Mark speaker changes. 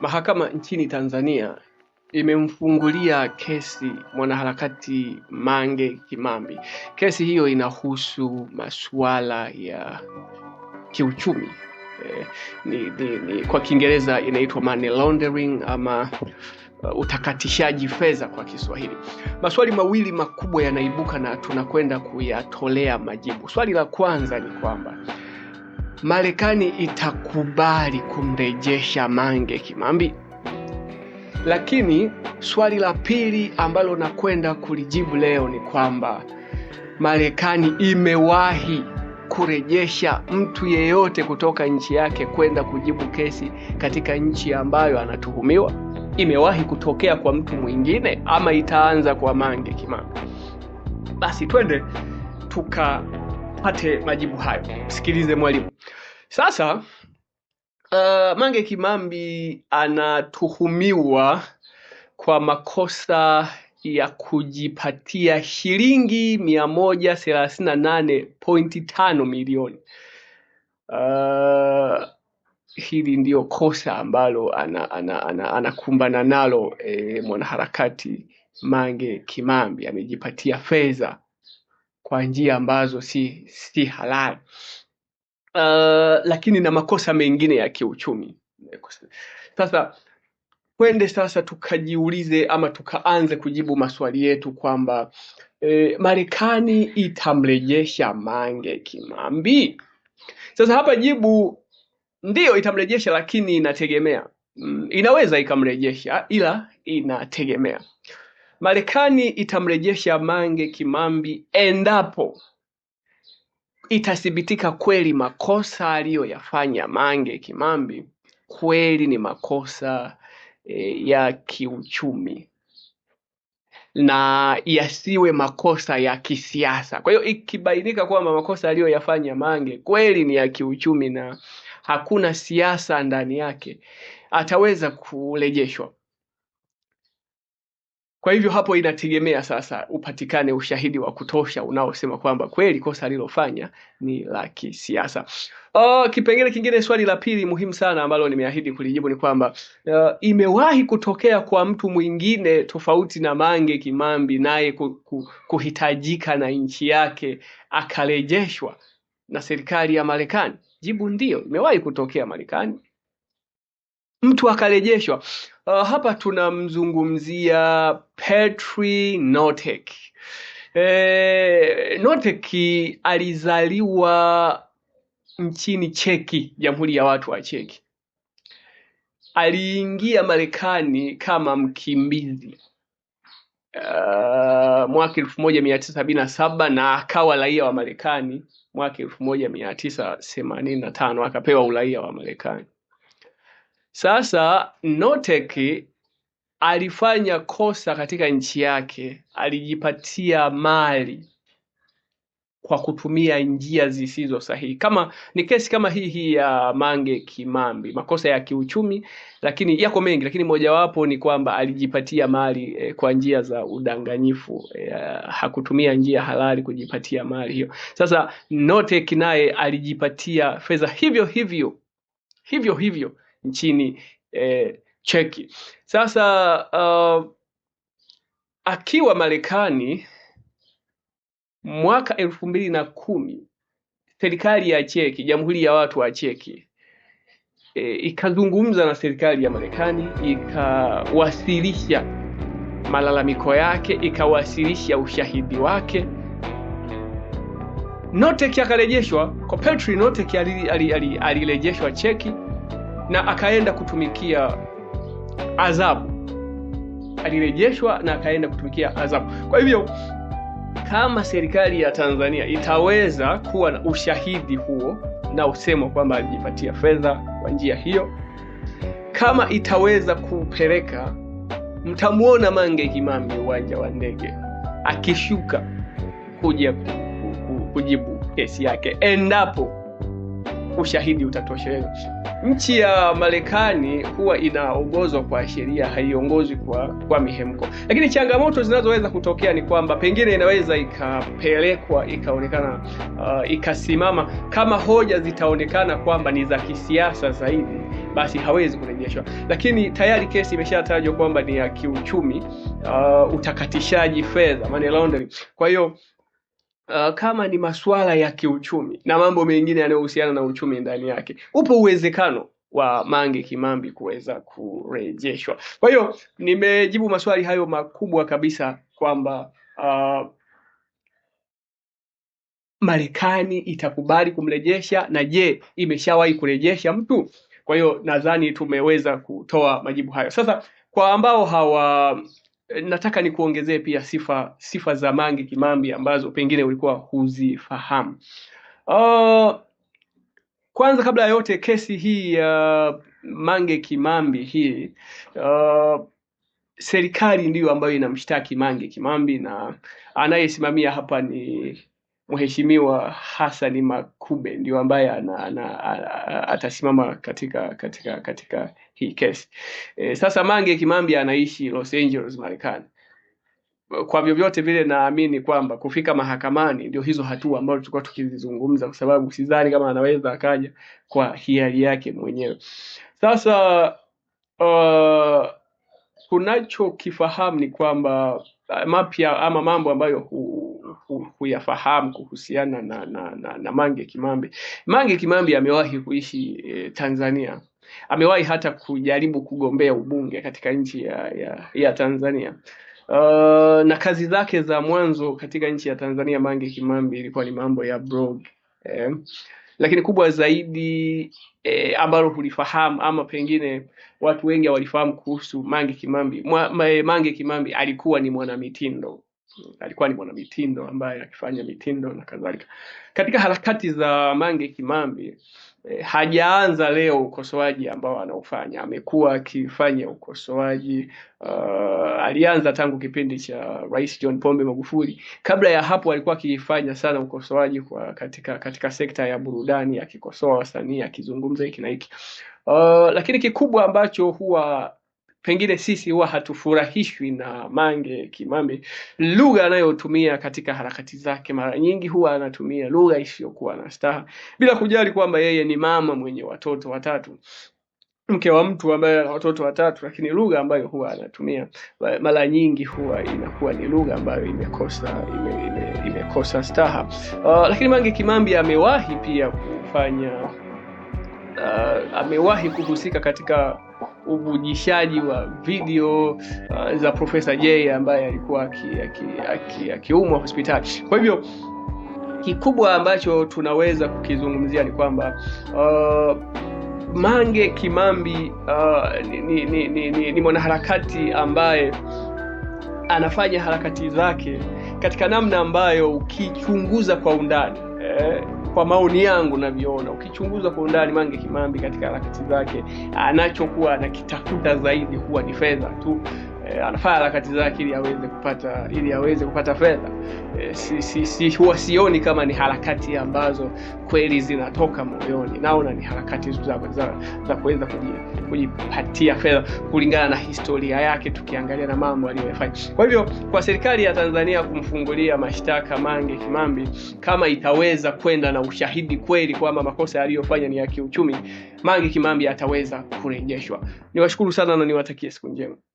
Speaker 1: Mahakama nchini Tanzania imemfungulia kesi mwanaharakati Mange Kimambi. Kesi hiyo inahusu masuala ya kiuchumi. Eh, ni, ni, ni, kwa Kiingereza inaitwa money laundering ama uh, utakatishaji fedha kwa Kiswahili. Maswali mawili makubwa yanaibuka na tunakwenda kuyatolea majibu. Swali la kwanza ni kwamba Marekani itakubali kumrejesha Mange Kimambi? Lakini swali la pili ambalo nakwenda kulijibu leo ni kwamba Marekani imewahi kurejesha mtu yeyote kutoka nchi yake kwenda kujibu kesi katika nchi ambayo anatuhumiwa? Imewahi kutokea kwa mtu mwingine ama itaanza kwa Mange Kimambi? Basi twende tuka upate majibu hayo msikilize mwalimu sasa uh, mange kimambi anatuhumiwa kwa makosa ya kujipatia shilingi mia moja thelathini na nane pointi tano milioni uh, hili ndiyo kosa ambalo anakumbana ana, ana, ana nalo e, mwanaharakati Mange Kimambi amejipatia fedha kwa njia ambazo si, si halali uh, lakini na makosa mengine ya kiuchumi. Sasa twende sasa tukajiulize ama tukaanze kujibu maswali yetu kwamba eh, Marekani itamrejesha Mange Kimambi? Sasa hapa jibu ndiyo itamrejesha, lakini inategemea mm, inaweza ikamrejesha ila inategemea Marekani itamrejesha Mange Kimambi endapo itathibitika kweli makosa aliyoyafanya Mange Kimambi kweli ni makosa e, ya kiuchumi na yasiwe makosa ya kisiasa. Kwa hiyo ikibainika kwamba makosa aliyoyafanya Mange kweli ni ya kiuchumi na hakuna siasa ndani yake, ataweza kurejeshwa. Kwa hivyo hapo inategemea sasa upatikane ushahidi wa kutosha unaosema kwamba kweli kosa alilofanya ni la kisiasa. Oh, kipengele kingine, swali la pili muhimu sana ambalo nimeahidi kulijibu ni kwamba uh, imewahi kutokea kwa mtu mwingine tofauti na Mange Kimambi naye kuhitajika na nchi yake akarejeshwa na serikali ya Marekani? Jibu ndiyo, imewahi kutokea Marekani, mtu akarejeshwa Uh, hapa tunamzungumzia Petri Notek. E, Notek alizaliwa nchini Cheki, Jamhuri ya Watu wa Cheki. Aliingia Marekani kama mkimbizi uh, mwaka elfu moja mia tisa sabini na saba na akawa raia wa Marekani mwaka elfu moja mia tisa themanini na tano akapewa uraia wa Marekani. Sasa Notek alifanya kosa katika nchi yake, alijipatia mali kwa kutumia njia zisizo sahihi. Kama ni kesi kama hii hii ya Mange Kimambi, makosa ya kiuchumi, lakini yako mengi, lakini mojawapo ni kwamba alijipatia mali e, kwa njia za udanganyifu e, hakutumia njia halali kujipatia mali hiyo. Sasa Notek naye alijipatia fedha hivyo hivyo hivyo hivyo nchini eh, Cheki. Sasa uh, akiwa Marekani mwaka elfu mbili na kumi serikali ya Cheki, jamhuri ya watu wa Cheki e, ikazungumza na serikali ya Marekani ikawasilisha malalamiko yake, ikawasilisha ushahidi wake. Notek akarejeshwa kwa Petri. Notek alirejeshwa ali, ali, ali, Cheki na akaenda kutumikia adhabu alirejeshwa na akaenda kutumikia adhabu kwa hivyo kama serikali ya tanzania itaweza kuwa na ushahidi huo na usemwa kwamba alijipatia fedha kwa njia hiyo kama itaweza kupeleka mtamwona mange kimambi uwanja wa ndege akishuka kuja kujibu kesi yake endapo ushahidi utatosheleza. Nchi ya Marekani huwa inaongozwa kwa sheria, haiongozwi kwa, kwa mihemko. Lakini changamoto zinazoweza kutokea ni kwamba pengine inaweza ikapelekwa ikaonekana, uh, ikasimama kama hoja zitaonekana kwamba ni za kisiasa zaidi, basi hawezi kurejeshwa. Lakini tayari kesi imeshatajwa kwamba ni ya kiuchumi, uh, utakatishaji fedha, money laundering. Kwa hiyo uh, kama ni masuala ya kiuchumi na mambo mengine yanayohusiana na uchumi ndani yake, upo uwezekano wa Mange Kimambi kuweza kurejeshwa. Kwa hiyo nimejibu maswali hayo makubwa kabisa kwamba uh, Marekani itakubali kumrejesha na je, imeshawahi kurejesha mtu? Kwa hiyo nadhani tumeweza kutoa majibu hayo. Sasa kwa ambao hawa Eh, nataka nikuongezee pia sifa sifa za Mange Kimambi ambazo pengine ulikuwa huzifahamu. Uh, kwanza kabla ya yote, kesi hii ya uh, Mange Kimambi hii uh, serikali ndiyo ambayo inamshtaki Mange Kimambi na anayesimamia hapa ni Mheshimiwa Hassan Makube ndio ambaye ana, ana, ana, atasimama katika katika katika hii kesi. E, sasa Mange Kimambi anaishi Los Angeles Marekani. Kwa vyovyote vile naamini kwamba kufika mahakamani ndio hizo hatua ambazo tulikuwa tukizizungumza, kwa sababu sidhani kama anaweza akaja kwa hiari yake mwenyewe. Sasa uh, kunachokifahamu ni kwamba uh, mapya ama mambo ambayo hu, kuyafahamu kuhusiana na, na, na, na Mange Kimambi. Mange Kimambi amewahi kuishi eh, Tanzania amewahi hata kujaribu kugombea ubunge katika nchi ya, ya, ya Tanzania. Uh, na kazi zake za mwanzo katika nchi ya Tanzania Mange Kimambi ilikuwa ni mambo ya blog eh. Lakini kubwa zaidi eh, ambalo hulifahamu ama pengine watu wengi hawalifahamu kuhusu Mange Kimambi Mwa, Mange Kimambi alikuwa ni mwanamitindo alikuwa ni mwanamitindo ambaye akifanya mitindo na kadhalika. Katika harakati za Mange Kimambi e, hajaanza leo ukosoaji ambao anaofanya, amekuwa akifanya ukosoaji uh, alianza tangu kipindi cha Rais John Pombe Magufuli. Kabla ya hapo alikuwa akifanya sana ukosoaji kwa katika, katika sekta ya burudani, akikosoa wasanii, akizungumza hiki na hiki uh, lakini kikubwa ambacho huwa pengine sisi huwa hatufurahishwi na Mange Kimambi, lugha anayotumia katika harakati zake. Mara nyingi huwa anatumia lugha isiyokuwa na staha, bila kujali kwamba yeye ni mama mwenye watoto watatu mke wa mtu ambaye ana watoto watatu, lakini lugha ambayo huwa anatumia mara nyingi huwa inakuwa ni lugha ambayo imekosa ime, ime, imekosa staha. Uh, lakini Mange Kimambi amewahi pia kufanya uh, amewahi kuhusika katika uvujishaji wa video uh, za Profesa j ambaye alikuwa akiumwa hospitali. Kwa hivyo kikubwa ambacho tunaweza kukizungumzia ni kwamba uh, Mange Kimambi uh, ni, ni, ni, ni, ni, ni mwanaharakati ambaye anafanya harakati zake katika namna ambayo ukichunguza kwa undani eh, kwa maoni yangu naviona, ukichunguza kwa undani, Mange Kimambi katika harakati zake anachokuwa anakitafuta zaidi huwa ni fedha tu eh, anafanya harakati zake ili aweze kupata ili aweze kupata fedha eh, si, si, si, huwa sioni kama ni harakati ambazo kweli zinatoka moyoni, naona ni harakati za, za, za kuweza kujipatia fedha kulingana na historia yake, tukiangalia na mambo aliyoyafanya. Kwa hivyo kwa serikali ya Tanzania kumfungulia mashtaka Mange Kimambi, kama itaweza kwenda na ushahidi kweli kwamba makosa aliyofanya ni ya kiuchumi, Mange Kimambi ataweza kurejeshwa. Niwashukuru sana na niwatakie siku njema.